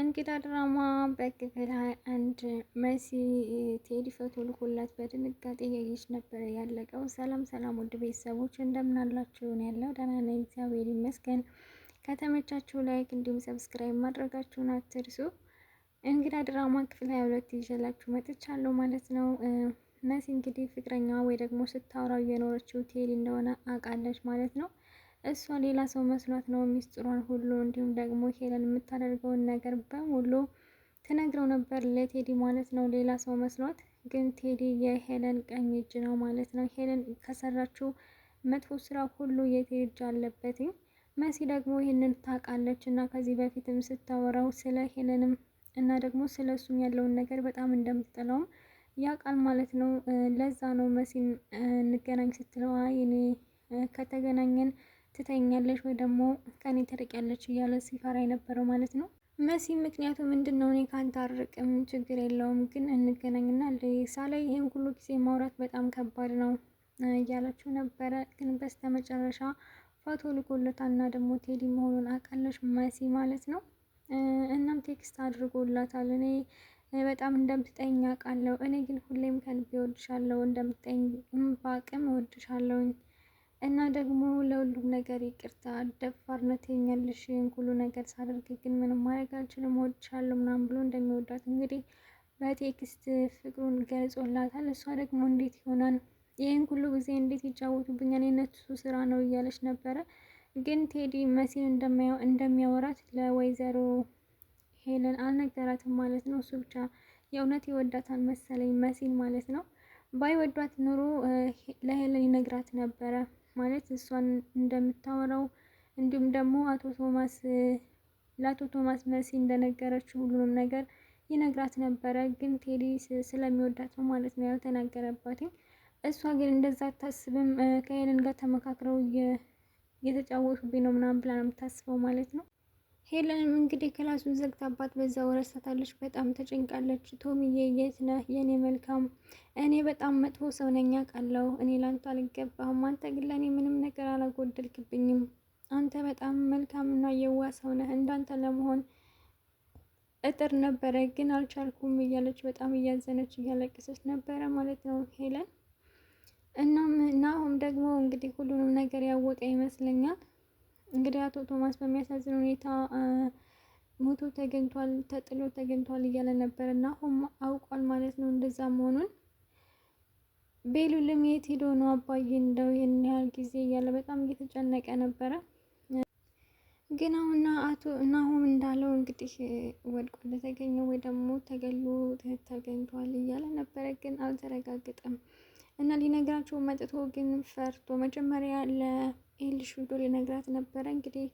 እንግዳ ድራማ በክፍል ሀያ አንድ መሲ ቴዲ ፎቶ ልኮላት በድንጋጤ እያየች ነበረ ያለቀው። ሰላም ሰላም፣ ውድ ቤተሰቦች እንደምን አላችሁ? ያለው። ደህና ነኝ እግዚአብሔር ይመስገን። ከተመቻችሁ ላይክ እንዲሁም ሰብስክራይብ ማድረጋችሁን አትርሱ። እንግዳ ድራማ ክፍል ሀያ ሁለት ይዤላችሁ መጥቻለሁ ማለት ነው። መሲ እንግዲህ ፍቅረኛዋ ወይ ደግሞ ስታወራው የኖረችው ቴዲ እንደሆነ አውቃለች ማለት ነው። እሷ ሌላ ሰው መስሏት ነው ሚስጥሯን ሁሉ እንዲሁም ደግሞ ሄለን የምታደርገውን ነገር በሙሉ ትነግረው ነበር ለቴዲ ማለት ነው። ሌላ ሰው መስሏት ግን ቴዲ የሄለን ቀኝ እጅ ነው ማለት ነው። ሄለን ከሰራችው መጥፎ ስራ ሁሉ የቴዲ እጅ አለበት። መሲ ደግሞ ይህንን ታውቃለች እና ከዚህ በፊትም ስታወራው ስለ ሄለንም እና ደግሞ ስለ እሱም ያለውን ነገር በጣም እንደምትጠላውም ያውቃል ማለት ነው። ለዛ ነው መሲን እንገናኝ ስትለው አይ እኔ ከተገናኘን ትተኛለች ወይ ደግሞ ከኔ ትርቂያለሽ እያለ ሲፈራ የነበረው ማለት ነው። መሲ ምክንያቱ ምንድን ነው? እኔ ካንተ አርቅም ችግር የለውም ግን እንገናኝና ሌሳ ላይ ይህን ሁሉ ጊዜ ማውራት በጣም ከባድ ነው እያለችው ነበረ። ግን በስተ መጨረሻ ፎቶ ልኮለታል እና ደግሞ ቴዲ መሆኑን አውቃለች መሲ ማለት ነው። እናም ቴክስት አድርጎላታል እኔ በጣም እንደምትጠኝ አውቃለሁ። እኔ ግን ሁሌም ከልቤ እወድሻለሁ፣ እንደምትጠይኝ ባቅም እወድሻለሁኝ እና ደግሞ ለሁሉም ነገር ይቅርታ ደፋርነት የኛልሽ ይህን ሁሉ ነገር ሳደርግ ግን ምንም ማድረግ አልችልም ወድሻለሁ ምናምን ብሎ እንደሚወዳት እንግዲህ በቴክስት ፍቅሩን ገልጾላታል። እሷ ደግሞ እንዴት ይሆናል ይህን ሁሉ ጊዜ እንዴት ይጫወቱብኛል የነሱ ስራ ነው እያለች ነበረ። ግን ቴዲ መሲል እንደሚያወራት ለወይዘሮ ሄለን አልነገራትም ማለት ነው። እሱ ብቻ የእውነት ይወዳታል መሰለኝ መሲል ማለት ነው። ባይወዷት ኑሮ ለሄለን ይነግራት ነበረ። ማለት እሷን እንደምታወራው እንዲሁም ደግሞ አቶ ቶማስ ለአቶ ቶማስ መሲ እንደነገረችው ሁሉንም ነገር ይነግራት ነበረ። ግን ቴዲ ስለሚወዳት ነው ማለት ነው ያልተናገረባትኝ። እሷ ግን እንደዛ አታስብም። ከሄለን ጋር ተመካክረው እየተጫወቱብኝ ነው ምናምን ብላ ነው የምታስበው ማለት ነው። ሄለንም እንግዲህ ክላሱን ዘግታባት በዛው ረሳታለች። በጣም ተጨንቃለች። ቶሚዬ የት ነህ የኔ መልካም? እኔ በጣም መጥፎ ሰው ነኝ አውቃለሁ። እኔ ላንተ አልገባም፣ አንተ ግን ለእኔ ምንም ነገር አላጎደልክብኝም። አንተ በጣም መልካምና የዋ ሰው ነህ። እንዳንተ ለመሆን እጥር ነበረ ግን አልቻልኩም እያለች በጣም እያዘነች እያለቀሰች ነበረ ማለት ነው ሄለን። እናም ናሆም ደግሞ እንግዲህ ሁሉንም ነገር ያወቀ ይመስለኛል እንግዲህ አቶ ቶማስ በሚያሳዝን ሁኔታ ሞቶ ተገኝቷል፣ ተጥሎ ተገኝቷል እያለ ነበር እና ሆም አውቋል ማለት ነው እንደዛ መሆኑን። ቤሉልም የት ሄዶ ነው አባዬ እንደው ይህን ያህል ጊዜ እያለ በጣም እየተጨነቀ ነበረ። ግን አሁና አቶ ናሆም እንዳለው እንግዲህ ወድቆ እንደተገኘ ወይ ደግሞ ተገሎ ተገኝቷል እያለ ነበረ፣ ግን አልተረጋገጠም እና ሊነግራቸው መጥቶ ግን ፈርቶ መጀመሪያ ለ ኤልሹ ብሎ ሊነግራት ነበረ። እንግዲህ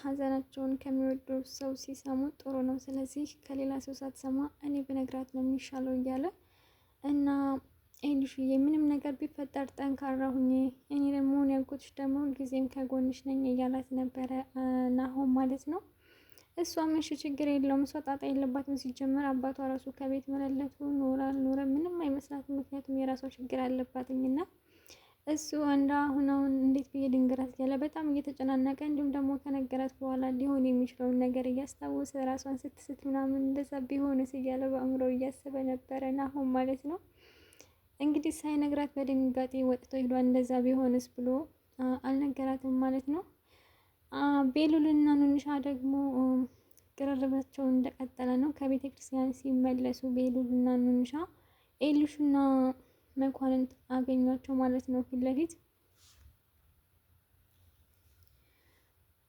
ሀዘናቸውን ከሚወዱ ሰው ሲሰሙ ጥሩ ነው። ስለዚህ ከሌላ ሰው ሳትሰማ እኔ ብነግራት ነው የሚሻለው እያለ እና ይህልሽዬ ምንም ነገር ቢፈጠር ጠንካራ ሁኜ እኔ ደግሞ ያጎትሽ ደግሞ ጊዜም ከጎንሽ ነኝ እያላት ነበረ ናሆም ማለት ነው። እሷ እሺ ችግር የለውም እሷ ጣጣ የለባትም። ሲጀመር አባቷ ራሱ ከቤት መለለቱ ኖራል ኖረ ምንም አይመስላትም። ምክንያቱም የራሷ ችግር አለባትኝና እሱ እንደ አሁን አሁን እንዴት ብዬ ልንገራት እያለ በጣም እየተጨናነቀ እንዲሁም ደግሞ ከነገራት በኋላ ሊሆን የሚችለውን ነገር እያስታወሰ ራሷን ስትስት ምናምን እንደዛ ቢሆንስ እያለ በአእምሮ እያሰበ ነበረ ናሆም ማለት ነው። እንግዲህ ሳይነግራት በድንጋጤ ወጥቶ ሄዷል። እንደዛ ቢሆንስ ብሎ አልነገራትም ማለት ነው። ቤሉልና ኑንሻ ደግሞ ቅርርባቸው እንደቀጠለ ነው። ከቤተ ክርስቲያን ሲመለሱ ቤሉልና ኑንሻ ኤሉሽና መኳንንት አገኟቸው ማለት ነው ፊት ለፊት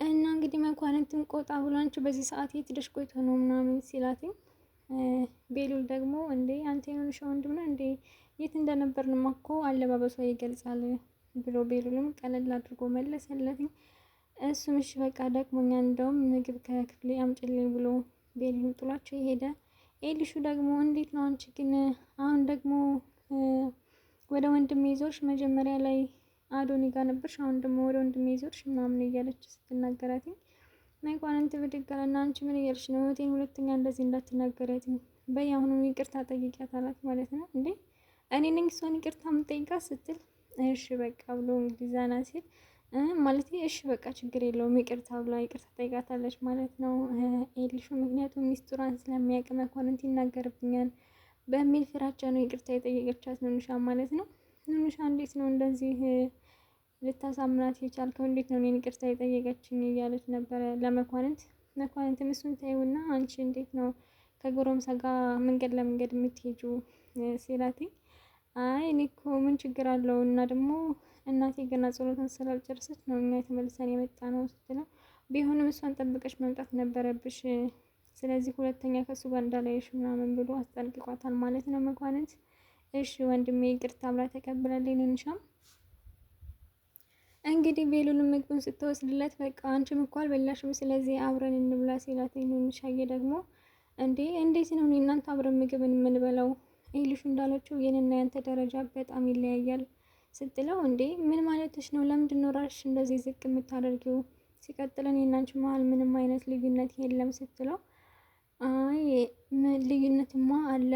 እና እንግዲህ መኳንንትን ቆጣ ብሎ በዚህ ሰዓት የት ሄደሽ ቆይቶ ነው ምናምን ሲላትኝ ቤሉል ደግሞ እንዴ አንተ የሆንሽ ወንድም ነው እንዴ የት እንደነበርንማ እኮ አለባበሷ ይገልጻል ብሎ ቤሉልም ቀለል አድርጎ መለሰለትኝ። እሱም እሺ በቃ ደክሞኛ እንደውም ምግብ ከክፍሌ አምጪልኝ ብሎ ቤሉልም ጥሏቸው የሄደ ኤልሹ ደግሞ እንዴት ነው አንቺ ግን አሁን ደግሞ ወደ ወንድሜ ይዞርሽ መጀመሪያ ላይ አዶኒ ጋር ነበርሽ፣ አሁን ደግሞ ወደ ወንድሜ ይዞርሽ ምናምን እያለች ስትናገራትኝ መኳንንት ብድግ አለና አንቺ ምን እያልሽ ነው? እህቴን ሁለተኛ እንደዚህ እንዳትናገሪያትኝ በይ፣ አሁኑ ይቅርታ ጠይቂያት አላት ማለት ነው። እንዴ እኔ ነኝ እሷን ይቅርታ የምጠይቃት ስትል እሺ በቃ ብሎ እንግዲህ ዛና ሲል ማለት እሺ በቃ ችግር የለውም ይቅርታ ብላ ይቅርታ ጠይቃታለች ማለት ነው። ኤልሹ ምክንያቱም ሚስጥሯን ስለሚያቅ መኳንንት ይናገርብኛል በሚል ፍራቻ ነው ይቅርታ የጠየቀቻት ኑኑሻ ማለት ነው። ኑኑሻ እንዴት ነው እንደዚህ ልታሳምናት የቻልከው? እንዴት ነው እኔን ይቅርታ የጠየቀችኝ? እያለች ነበረ ለመኳንንት። መኳንንት ምስሉን ታይውና አንቺ እንዴት ነው ከጎረምሳ ጋር መንገድ ለመንገድ የምትሄጁ ሲላትኝ አይ እኔ እኮ ምን ችግር አለው እና ደግሞ እናቴ ገና ጸሎትን ስላልጨረሰች ነው እኛ የተመልሰን የመጣ ነው ስትለው፣ ቢሆንም እሷን ጠብቀሽ መምጣት ነበረብሽ ስለዚህ ሁለተኛ ከሱ ጋር እንዳላየሽ ምናምን ብሎ አስጠንቅቋታል ማለት ነው። መኳንንት እሺ ወንድሜ ይቅርታ ብላ ተቀብላለች። ንንሻም እንግዲህ ቤሉን ምግቡን ስትወስድለት በቃ አንቺም እኮ አልበላሽም ስለዚህ አብረን እንብላ ሲላት ንንሻዬ ደግሞ እንዴ እንዴት ነው እናንተ አብረን ምግብ የምንበላው? ይልሹ እንዳለችው የኔና ያንተ ደረጃ በጣም ይለያያል ስትለው እንዴ ምን ማለትሽ ነው? ለምንድን ነው ራስሽ እንደዚህ ዝቅ የምታደርጊው? ሲቀጥለን የናንቺ መሀል ምንም አይነት ልዩነት የለም ስትለው አይ ምን ልዩነትማ አለ።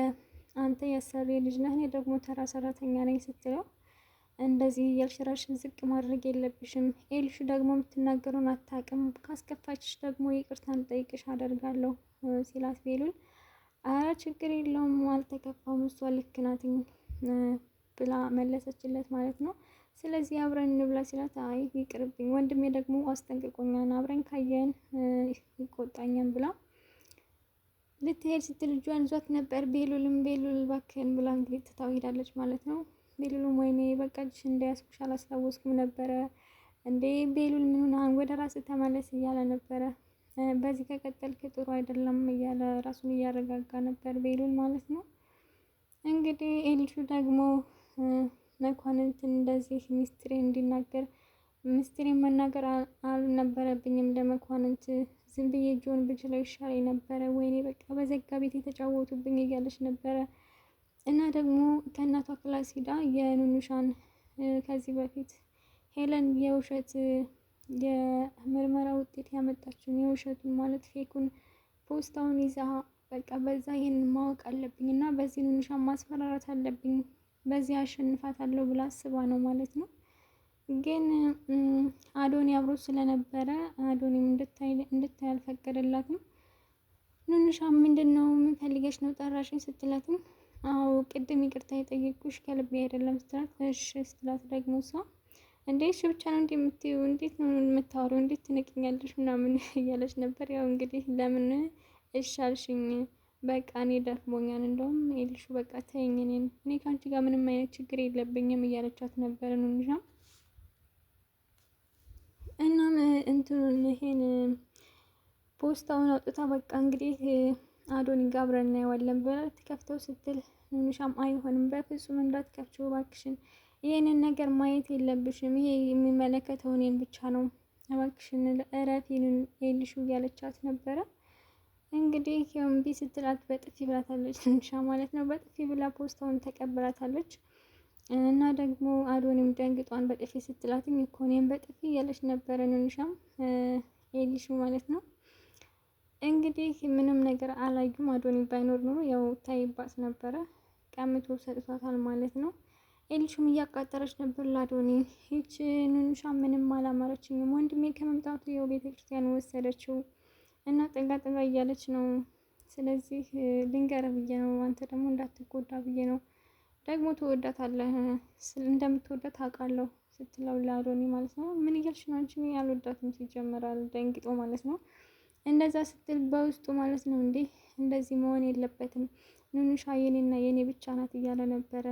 አንተ ያሰሪ ልጅ ነህ፣ እኔ ደግሞ ተራ ሰራተኛ ነኝ ስትለው እንደዚህ እያልሽ ዝቅ ማድረግ የለብሽም። ኤልሽ ደግሞ የምትናገረውን አታውቅም። ካስከፋችሽ ደግሞ ይቅርታ እንጠይቅሽ አደርጋለሁ ሲላት ቤሉል አረ ችግር የለውም አልተከፋም፣ እሷ ልክ ናት ብላ መለሰችለት ማለት ነው። ስለዚህ አብረን እንብላ ሲላት አይ ይቅርብኝ፣ ወንድሜ ደግሞ አስጠንቅቆኛን አብረን ካየን ይቆጣኛን ብላ ልትሄድ ስትል እጇን ይዟት ነበር። ቤሉልም ቤሉል እባክህን ብላ እንግዲህ ትታው ሄዳለች ማለት ነው። ቤሉልም ወይኔ በቃ እጅሽ እንዳያስኩሽ አላስታወስኩም ነበረ እንዴ ቤሉል ምን ሆነሃል? ወደ ራስ ተመለስ እያለ ነበረ። በዚህ ከቀጠልክ ጥሩ አይደለም እያለ ራሱን እያረጋጋ ነበር ቤሉል ማለት ነው። እንግዲህ ኤልሹ ደግሞ መኳንንትን እንደዚህ ሚስጥሬ እንዲናገር ምስጢሬን መናገር አልነበረብኝም ለመኳንንት ዝም ብዬ እጅሆን ብችለው ይሻለኝ ነበረ። ወይኔ በቃ በዘጋ ቤት የተጫወቱብኝ እያለች ነበረ። እና ደግሞ ከእናቷ ክላስ ሂዳ የኑኑሻን ከዚህ በፊት ሄለን የውሸት የምርመራ ውጤት ያመጣችውን የውሸቱን ማለት ፌኩን ፖስታውን ይዛ በቃ በዛ ይህን ማወቅ አለብኝ እና በዚህ ኑኑሻን ማስፈራራት አለብኝ፣ በዚህ አሸንፋት አለው ብላ አስባ ነው ማለት ነው። ግን አዶኒ አብሮ ስለነበረ አዶኒም እንድታይ አልፈቀደላትም። ኑንሻ ምንድን ነው የምንፈልገች ነው ጠራሽኝ? ስትላትም አዎ ቅድም ይቅርታ የጠየቅኩሽ ከልቤ አይደለም ስትላት፣ እሺ ስትላት ደግሞ ሰው እንዴ እሺ ብቻ ነው እንዲህ የምትይው እንዴት ነው የምታወሩ? እንዴት ትንቅኛለሽ? ምናምን እያለች ነበር። ያው እንግዲህ ለምን እሺ አልሽኝ? በቃ እኔ ደክሞኛል፣ እንደውም ይልሹ በቃ ተይኝ፣ እኔ ከአንቺ ጋር ምንም አይነት ችግር የለብኝም እያለቻት ነበር ኑንሻ እናም እንትኑን ይሄን ፖስታውን አውጥታ በቃ እንግዲህ አዶኒ ጋ አብረን እናየዋለን ብላ ልትከፍተው ስትል ንሻም አይሆንም፣ በፍጹም እንዳትከፍችው እባክሽን፣ ይህንን ነገር ማየት የለብሽም። ይሄ የሚመለከተው እኔን ብቻ ነው፣ እባክሽን እረፊ ልሹ እያለቻት ነበረ። እንግዲህ እምቢ ስትላት በጥፊ ብላታለች፣ ንሻ ማለት ነው። በጥፊ ብላ ፖስታውን ተቀብላታለች። እና ደግሞ አዶኒም ደንግጧን በጥፊ ስትላትም ኢኮኔም በጥፊ እያለች ነበረ ንንሻም ኤሊሹ ማለት ነው። እንግዲህ ምንም ነገር አላዩም። አዶኒ ባይኖር ኖሮ ያው ታይባት ነበረ። ቀምቶ ሰጥቷታል ማለት ነው። ኤሊሹም እያቃጠረች ነበር ላዶኒ። ይች ንንሻ ምንም አላማረችኝም፣ ወንድሜ ከመምጣቱ ያው ቤተክርስቲያን ወሰደችው እና ጥጋ ጥጋ እያለች ነው። ስለዚህ ልንገረ ብዬ ነው፣ አንተ ደግሞ እንዳትጎዳ ብዬ ነው ደግሞ ትወዳታለህ እንደምትወዳት አውቃለሁ ስትለው ለአዶኒ ማለት ነው። ምን እያልሽ ነው አንቺ? አልወዳትም ሲጀምራል ደንግጦ ማለት ነው። እንደዛ ስትል በውስጡ ማለት ነው እንዴ እንደዚህ መሆን የለበትም ኑኑሻ የኔና የኔ ብቻ ናት እያለ ነበረ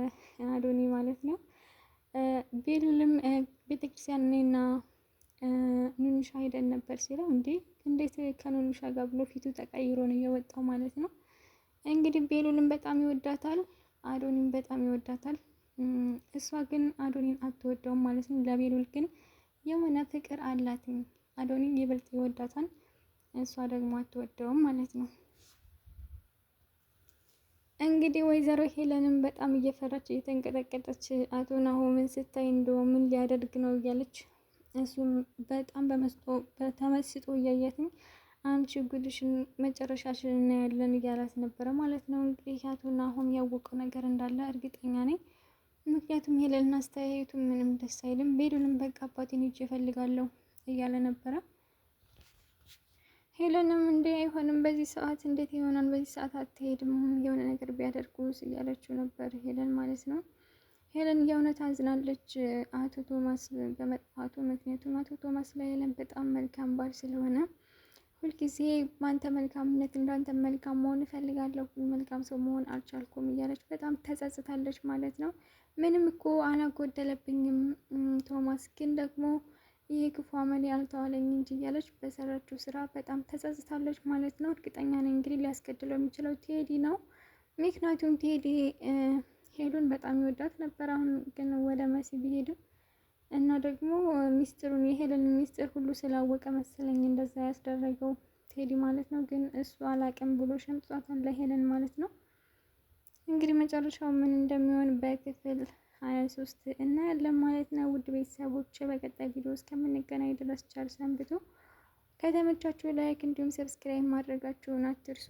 አዶኒ ማለት ነው። ቤሉልም ቤተክርስቲያን እኔና ኑኑሻ ሄደን ነበር ሲለው እንዴ እንዴት ከኑኑሻ ጋር ብሎ ፊቱ ተቀይሮ ነው የወጣው ማለት ነው። እንግዲህ ቤሉልም በጣም ይወዳታል። አዶኒን በጣም ይወዳታል። እሷ ግን አዶኒን አትወደውም ማለት ነው። ለቤሉል ግን የሆነ ፍቅር አላትኝ። አዶኒን ይበልጥ ይወዳታል፣ እሷ ደግሞ አትወደውም ማለት ነው። እንግዲህ ወይዘሮ ሄለንም በጣም እየፈራች እየተንቀጠቀጠች አቶ ናሆምን ስታይ እንደው ምን ሊያደርግ ነው እያለች እሱም በጣም በመስጦ ተመስጦ እያያትኝ አንቺ ጉድሽን መጨረሻሽን እናያለን እያላት ነበረ ማለት ነው። እንግዲህ አቶ ናሆም ያወቀው ነገር እንዳለ እርግጠኛ ነኝ። ምክንያቱም ሄለልና አስተያየቱ ምንም ደስ አይልም። ቤዱንም በቃ አባቴን ሂጅ እፈልጋለሁ እያለ ነበረ። ሄለንም እንዴ አይሆንም፣ በዚህ ሰዓት እንዴት ይሆናል? በዚህ ሰዓት አትሄድም፣ የሆነ ነገር ቢያደርጉስ እያለችው ነበር ሄለን ማለት ነው። ሄለን የእውነት አዝናለች አቶ ቶማስ በመጥፋቱ። ምክንያቱም አቶ ቶማስ ለሄለን በጣም መልካም ባል ስለሆነ ሁልጊዜ ማንተ መልካምነት እንዳንተ መልካም መሆን እፈልጋለሁ ግን መልካም ሰው መሆን አልቻልኩም እያለች በጣም ተጸጽታለች ማለት ነው። ምንም እኮ አላጎደለብኝም ቶማስ ግን ደግሞ ይህ ክፉ አመል ያልተዋለኝ እንጂ እያለች በሰራችው ስራ በጣም ተጸጽታለች ማለት ነው። እርግጠኛ ነኝ እንግዲህ ሊያስገድለው የሚችለው ቴዲ ነው። ምክንያቱም ቴዲ ሄሉን በጣም ይወዳት ነበር። አሁን ግን ወደ መሲ ቢሄድም እና ደግሞ ሚስጥሩን የሄለን ሚስጥር ሁሉ ስላወቀ መሰለኝ እንደዛ ያስደረገው ቴዲ ማለት ነው። ግን እሱ አላቅም ብሎ ሸምጧታል ለሄለን ማለት ነው። እንግዲህ መጨረሻው ምን እንደሚሆን በክፍል ሀያ ሶስት እናያለን ማለት ነው። ውድ ቤተሰቦች በቀጣይ ቪዲዮ እስከምንገናኝ ድረስ ቻል ሰንብቱ። ከተመቻችሁ ላይክ እንዲሁም ሰብስክራይብ ማድረጋችሁን አትርሱ።